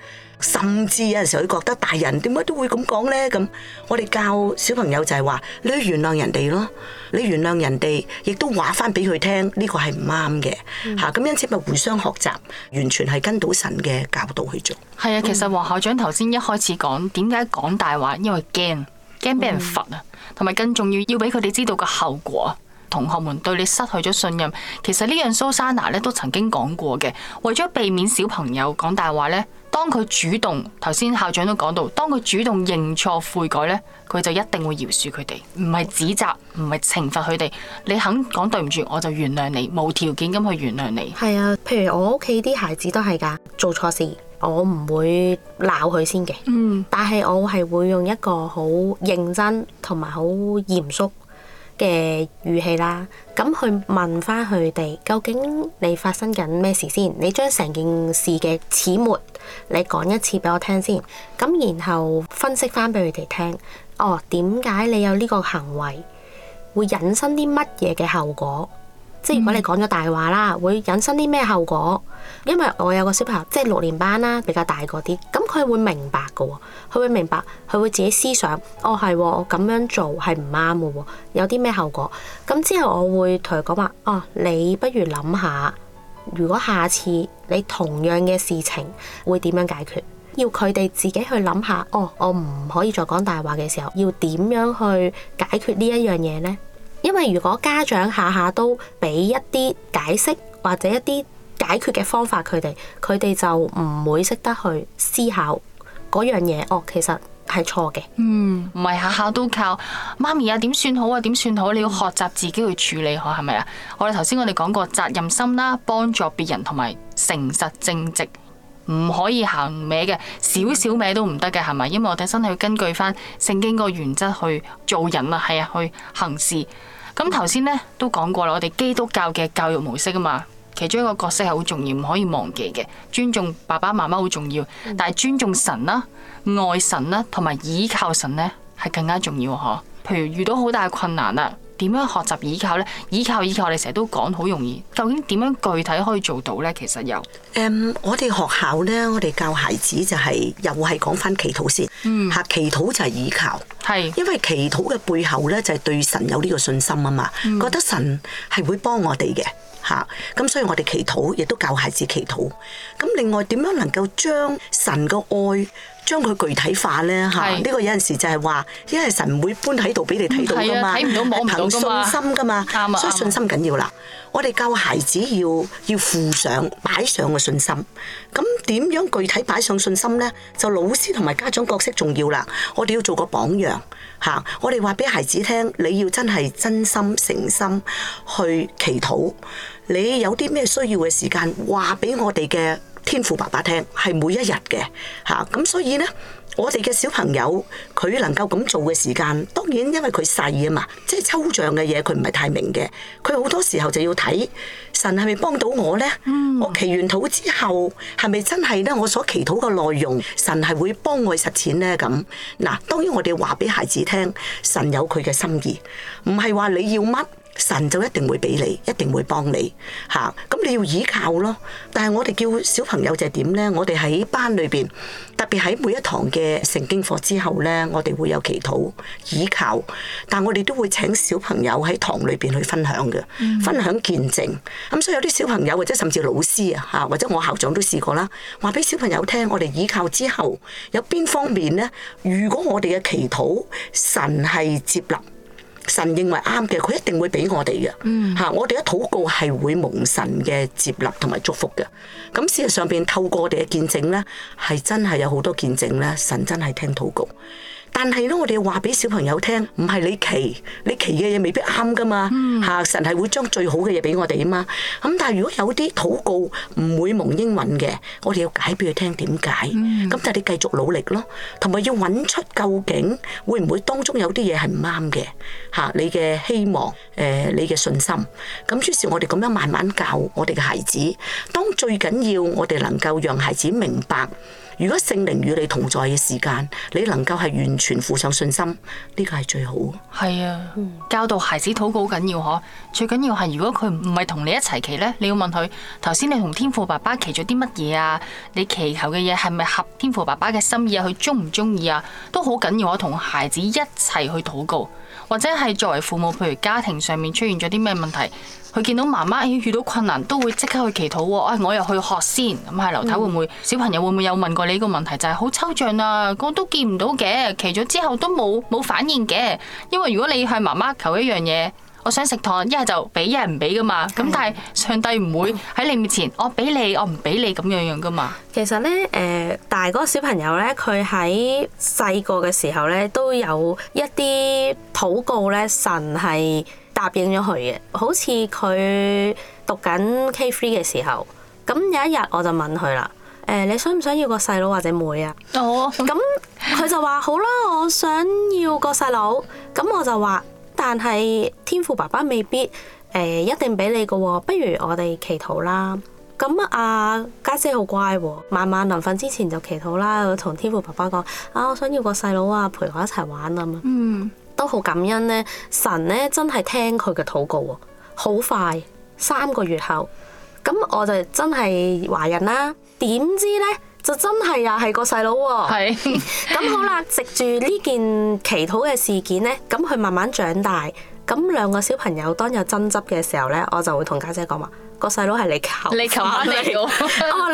甚至有陣時候會覺得大人點解都會咁講呢？咁我哋教小朋友就係話你原諒人哋咯，你原諒人哋，亦都話翻俾佢聽呢個係唔啱嘅吓，咁因此咪互相學習，完全係跟到神嘅教導去做。係啊，其實黃校長頭先一開始講點解講大話，因為驚驚俾人罰啊，同埋、嗯、更重要要俾佢哋知道個後果。同學們對你失去咗信任，其實呢樣蘇珊娜咧都曾經講過嘅。為咗避免小朋友講大話呢，當佢主動，頭先校長都講到，當佢主動認錯悔改呢，佢就一定會饒恕佢哋，唔係指責，唔係懲罰佢哋。你肯講對唔住，我就原諒你，無條件咁去原諒你。係啊，譬如我屋企啲孩子都係㗎，做錯事我唔會鬧佢先嘅。嗯，但係我係會用一個好認真同埋好嚴肅嘅語氣啦，咁去問翻佢哋，究竟你發生緊咩事先？你將成件事嘅始末，你講一次俾我聽先，咁然後分析翻俾佢哋聽。哦，點解你有呢個行為？會引申啲乜嘢嘅後果？即係如果你講咗大話啦，會引申啲咩後果？因為我有個小朋友，即係六年班啦，比較大個啲，咁佢會明白嘅喎，佢會明白，佢會自己思想。哦，係，我咁樣做係唔啱嘅喎，有啲咩後果？咁之後我會同佢講話，哦，你不如諗下，如果下次你同樣嘅事情會點樣解決？要佢哋自己去諗下，哦，我唔可以再講大話嘅時候，要點樣去解決呢一樣嘢呢？」因為如果家長下下都俾一啲解釋或者一啲解決嘅方法，佢哋佢哋就唔會識得去思考嗰樣嘢哦，其實係錯嘅。嗯，唔係下下都靠媽咪啊？點算好啊？點算好？你要學習自己去處理，嗬，係咪啊？我哋頭先我哋講過責任心啦、幫助別人同埋誠實正直。唔可以行歪嘅，少少歪都唔得嘅，係咪？因為我哋真係要根據翻聖經個原則去做人啊，係啊，去行事。咁頭先呢都講過啦，我哋基督教嘅教育模式啊嘛，其中一個角色係好重要，唔可以忘記嘅。尊重爸爸媽媽好重要，但係尊重神啦、啊、愛神啦、啊，同埋倚靠神呢係更加重要嗬，譬如遇到好大困難啦。點樣學習倚靠咧？倚靠倚靠，依靠我哋成日都講好容易。究竟點樣具體可以做到咧？其實又誒、嗯，我哋學校咧，我哋教孩子就係、是、又係講翻祈禱先嚇，嗯、祈禱就係倚靠，係是因為祈禱嘅背後咧就係對神有呢個信心啊嘛，嗯、覺得神係會幫我哋嘅嚇，咁所以我哋祈禱，亦都教孩子祈禱。咁另外點樣能夠將神嘅愛？將佢具體化咧，吓呢是個有陣時就係話，因為神唔會搬喺度俾你睇到噶嘛，憑、啊、信心噶嘛，吧所以信心緊要啦。我哋教孩子要要附上擺上嘅信心。咁點樣具體擺上信心咧？就老師同埋家長角色重要啦。我哋要做個榜樣，吓、啊、我哋話俾孩子聽，你要真係真心誠心去祈禱。你有啲咩需要嘅時間，話俾我哋嘅。天父爸爸聽係每一日嘅，吓，咁、啊、所以呢，我哋嘅小朋友佢能夠咁做嘅時間，當然因為佢細啊嘛，即係抽象嘅嘢佢唔係太明嘅，佢好多時候就要睇神係咪幫到我呢？嗯、我祈完禱之後係咪真係咧？我所祈禱嘅內容，神係會幫我實踐呢。咁嗱、啊，當然我哋話俾孩子聽，神有佢嘅心意，唔係話你要乜。神就一定會俾你，一定會幫你，吓、啊、咁你要倚靠咯。但係我哋叫小朋友就係點呢？我哋喺班裏邊，特別喺每一堂嘅聖經課之後呢，我哋會有祈禱倚靠。但我哋都會請小朋友喺堂裏邊去分享嘅，嗯、分享見證。咁所以有啲小朋友或者甚至老師啊，吓或者我校長都試過啦，話俾小朋友聽，我哋倚靠之後有邊方面呢？如果我哋嘅祈禱神係接納。神認為啱嘅，佢一定會俾我哋嘅。吓、嗯，我哋嘅禱告係會蒙神嘅接納同埋祝福嘅。咁事實上面透過我哋嘅見證咧，係真係有好多見證咧，神真係聽禱告。但係咧，我哋要話俾小朋友聽，唔係你奇，你奇嘅嘢未必啱噶嘛。吓，神係會將最好嘅嘢俾我哋啊嘛。咁但係如果有啲禱告唔會蒙英文嘅，我哋要解俾佢聽點解。咁但係你繼續努力咯，同埋要揾出究竟會唔會當中有啲嘢係唔啱嘅。吓，你嘅希望，誒，你嘅信心。咁於是我哋咁樣慢慢教我哋嘅孩子，當最緊要我哋能夠讓孩子明白。如果聖靈與你同在嘅時間，你能夠係完全負上信心，呢個係最好。係啊，教導孩子禱告好緊要嗬，最緊要係如果佢唔係同你一齊祈呢，你要問佢，頭先你同天父爸爸祈咗啲乜嘢啊？你祈求嘅嘢係咪合天父爸爸嘅心意啊？佢中唔中意啊？都好緊要，我同孩子一齊去禱告。或者係作為父母，譬如家庭上面出現咗啲咩問題，佢見到媽媽咦遇到困難都會即刻去祈禱喎，哎，我又去學先咁。係樓太會唔會小朋友會唔會有問過你呢個問題，就係、是、好抽象啊，我都見唔到嘅，祈咗之後都冇冇反應嘅，因為如果你向媽媽求一樣嘢。我想食糖，一係就俾，一係唔俾噶嘛。咁但係上帝唔會喺你面前，我俾你，我唔俾你咁樣樣噶嘛。其實咧，誒、呃、大嗰個小朋友咧，佢喺細個嘅時候咧，都有一啲禱告咧，神係答應咗佢嘅。好似佢讀緊 K3 嘅時候，咁有一日我就問佢啦，誒、呃、你想唔想要個細佬或者妹妹啊？哦、oh。咁佢就話好啦，我想要個細佬。咁我就話。但係天父爸爸未必誒、呃，一定俾你噶，不如我哋祈禱啦。咁啊，家姐好乖、哦，晚晚臨瞓之前就祈禱啦，同天父爸爸講啊，我想要個細佬啊，陪我一齊玩啊嘛。嗯，都好感恩咧，神咧真係聽佢嘅禱告、哦，好快三個月後，咁我就真係懷孕啦。點知咧？就真係又係個細佬喎，咁好啦，藉住呢件祈禱嘅事件咧，咁佢慢慢長大。咁兩個小朋友當有爭執嘅時候咧，我就會同家姐講話：個細佬係你求，你求、 哦，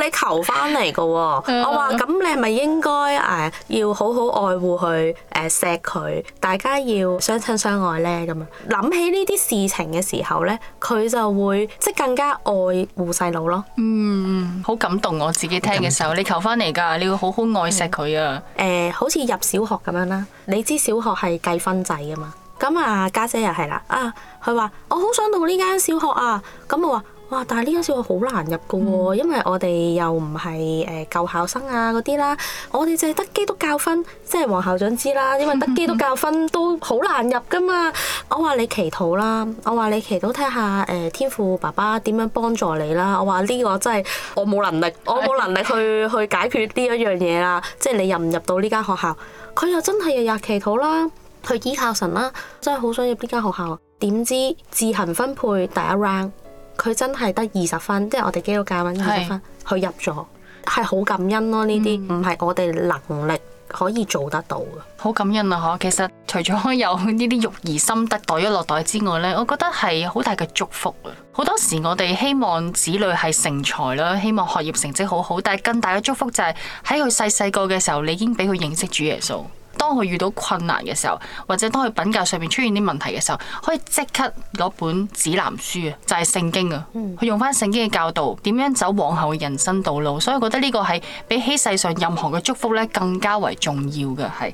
你求翻嚟㗎。嗯、我話你求翻嚟㗎喎。我話咁你係咪應該誒要好好愛護佢誒錫佢？大家要相親相愛咧咁樣！諗起呢啲事情嘅時候咧，佢就會即係更加愛護細佬咯。嗯，好感動我自己聽嘅時候，你求翻嚟㗎，你要好好愛錫佢啊。誒、嗯呃，好似入小學咁樣啦，你知小學係計分仔㗎嘛？咁啊，家姐又係啦啊，佢話我好想到呢間小學啊。咁我話哇，但係呢間小學好難入噶喎、啊，嗯、因為我哋又唔係誒舊校生啊嗰啲啦。我哋淨係得基督教訓，即係黃校長知啦，因為得基督教訓都好難入噶嘛、啊。我話你祈禱啦，我話你祈禱看看，睇下誒天父爸爸點樣幫助你啦。我話呢個真係我冇能力，我冇能力去 去，去解決呢一樣嘢啦。即係你入唔入到呢間學校，佢又真係日日祈禱啦。去依靠神啦、啊，真係好想要邊間學校，點知自行分配第一 round，佢真係得二十分，即係我哋基督教揾二十分，佢是入咗，係好感恩咯、啊。呢啲唔係我哋能力可以做得到嘅。好感恩啊！嗬，其實除咗有呢啲育兒心得袋咗落袋之外呢，我覺得係好大嘅祝福好、啊、多時我哋希望子女係成才啦，希望學業成績好好，但係更大嘅祝福就係喺佢細細個嘅時候，你已經俾佢認識主耶穌。當佢遇到困難嘅時候，或者當佢品格上面出現啲問題嘅時候，可以即刻攞本指南書啊，就係、是、聖經啊，佢用翻聖經嘅教導，點樣走往後嘅人生道路。所以我覺得呢個係比起世上任何嘅祝福咧更加為重要嘅係。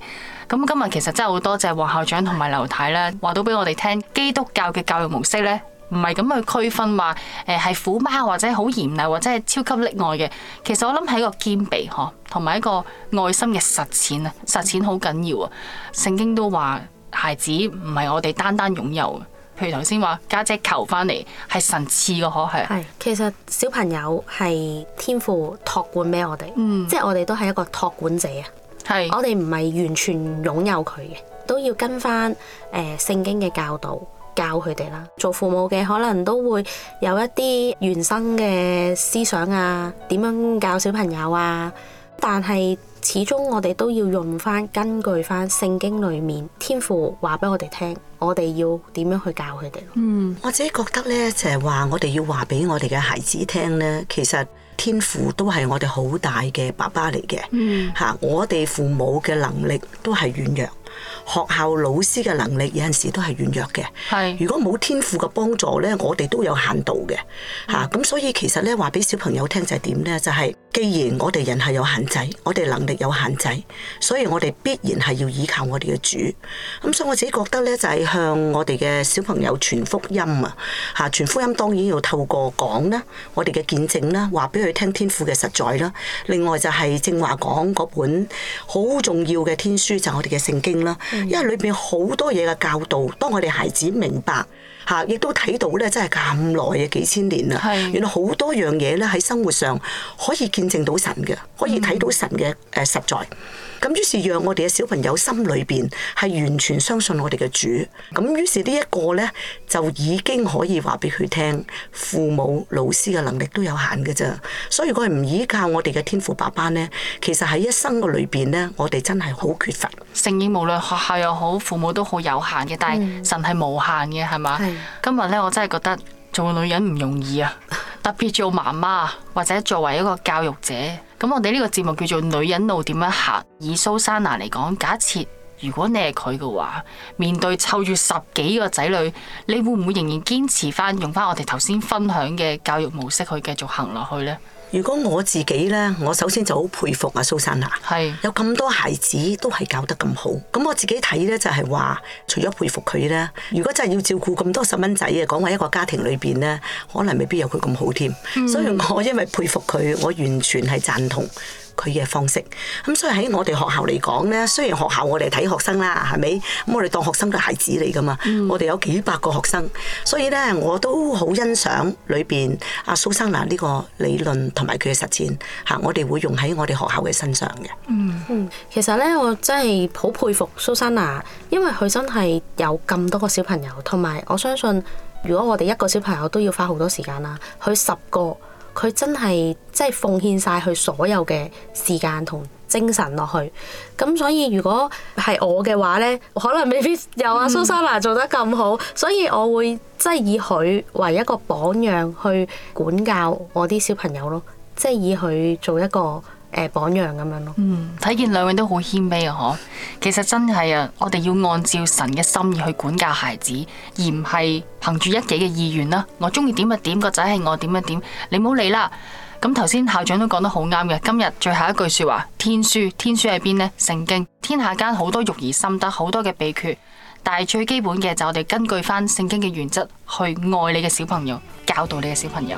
咁今日其實真係好多謝黃校長同埋劉太啦，話到俾我哋聽基督教嘅教育模式咧。唔係咁去區分話，誒係虎媽或者好嚴厲或者係超級溺愛嘅。其實我諗係一個兼備嗬，同埋一個愛心嘅實踐啊，實踐好緊要啊。聖經都話孩子唔係我哋單單擁有，譬如頭先話家姐求翻嚟係神賜嘅呵。係。係其實小朋友係天父託管畀嗯、我哋，即係我哋都係一個託管者啊。係。我哋唔係完全擁有佢嘅，都要跟翻誒、呃、聖經嘅教導。教佢哋啦，做父母嘅可能都會有一啲原生嘅思想啊，點樣教小朋友啊？但係始終我哋都要用翻，根據翻聖經裏面天父話俾我哋聽，我哋要點樣去教佢哋。嗯，我自己覺得咧，就係話我哋要話俾我哋嘅孩子聽咧，其實天父都係我哋好大嘅爸爸嚟嘅。嗯，吓我哋父母嘅能力都係軟弱。學校老師嘅能力有陣時都係軟弱嘅，是如果冇天賦嘅幫助咧，我哋都有限度嘅。吓咁是、啊、所以其實咧話俾小朋友聽就係點咧就係、是。既然我哋人係有限制，我哋能力有限制，所以我哋必然係要依靠我哋嘅主。咁所以我自己覺得呢，就係向我哋嘅小朋友傳福音啊，吓傳福音當然要透過講啦，我哋嘅見證啦，話俾佢聽天父嘅實在啦。另外就係正話講嗰本好重要嘅天書就係我哋嘅聖經啦，因為裏邊好多嘢嘅教導，當我哋孩子明白。吓，亦都睇到咧，真係咁耐啊，幾千年啦，是原來好多樣嘢咧喺生活上可以見證到神嘅，可以睇到神嘅誒實在。嗯咁於是讓我哋嘅小朋友心裏邊係完全相信我哋嘅主。咁於是呢一個呢，就已經可以話俾佢聽，父母老師嘅能力都有限嘅啫。所以如果係唔依靠我哋嘅天父爸爸呢，其實喺一生嘅裏邊呢，我哋真係好缺乏。聖經無論學校又好，父母都好有限嘅，但係神係無限嘅，係嘛？是今日呢，我真係覺得。做女人唔容易啊，特別做媽媽或者作為一個教育者，咁我哋呢個節目叫做《女人路點樣行》。以蘇珊蘭嚟講，假設如果你係佢嘅話，面對湊住十幾個仔女，你會唔會仍然堅持翻用翻我哋頭先分享嘅教育模式去繼續行落去呢？如果我自己呢，我首先就好佩服阿蘇珊娜，是有咁多孩子都係教得咁好。咁我自己睇呢，就係話，除咗佩服佢呢，如果真係要照顧咁多細蚊仔啊，講話一個家庭裏邊呢，可能未必有佢咁好添。嗯、所以我因為佩服佢，我完全係贊同。佢嘅方式，咁所以喺我哋學校嚟講咧，雖然學校我哋睇學生啦，係咪？咁我哋當學生嘅孩子嚟噶嘛，我哋有幾百個學生，所以咧我都好欣賞裏邊阿蘇珊娜呢個理論同埋佢嘅實踐吓，我哋會用喺我哋學校嘅身上嘅，嗯。嗯，其實咧我真係好佩服蘇珊娜，因為佢真係有咁多個小朋友，同埋我相信如果我哋一個小朋友都要花好多時間啦，佢十個。佢真係即係奉獻晒佢所有嘅時間同精神落去，咁所以如果係我嘅話呢，可能未必有阿蘇珊娜做得咁好，嗯、所以我會即係以佢為一個榜樣去管教我啲小朋友咯，即係以佢做一個。誒，榜樣咁樣咯，嗯，睇見兩位都好謙卑啊，嗬，其實真係啊，我哋要按照神嘅心意去管教孩子，而唔係憑住一己嘅意願啦。我中意點就點，個仔係我點一點，你唔好理啦。咁頭先校長都講得好啱嘅，今日最後一句說話，天書天書喺邊呢？聖經。天下間好多育兒心得，好多嘅秘訣，但係最基本嘅就係我哋根據翻聖經嘅原則去愛你嘅小朋友，教導你嘅小朋友。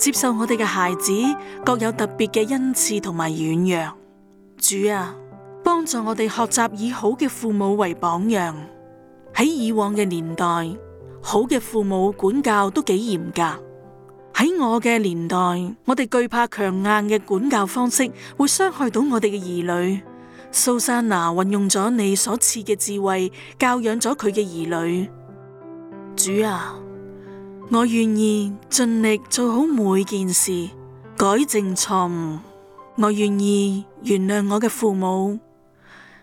接受我哋嘅孩子各有特別嘅恩賜同埋軟弱，主啊，幫助我哋學習以好嘅父母為榜樣。喺以往嘅年代，好嘅父母管教都幾嚴格。喺我嘅年代，我哋懼怕強硬嘅管教方式會傷害到我哋嘅兒女。蘇珊娜運用咗你所賜嘅智慧，教養咗佢嘅兒女。主啊！我願意盡力做好每件事，改正錯誤。我願意原諒我嘅父母，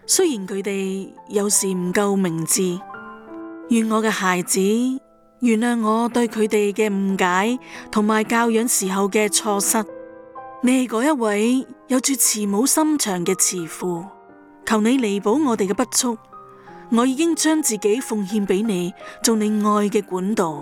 雖然佢哋有時唔夠明智，願我嘅孩子原諒我對佢哋嘅誤解，同埋教養時候嘅錯失。你係嗰一位有住慈母心腸嘅慈父，求你彌補我哋嘅不足。我已經將自己奉獻俾你，做你愛嘅管道。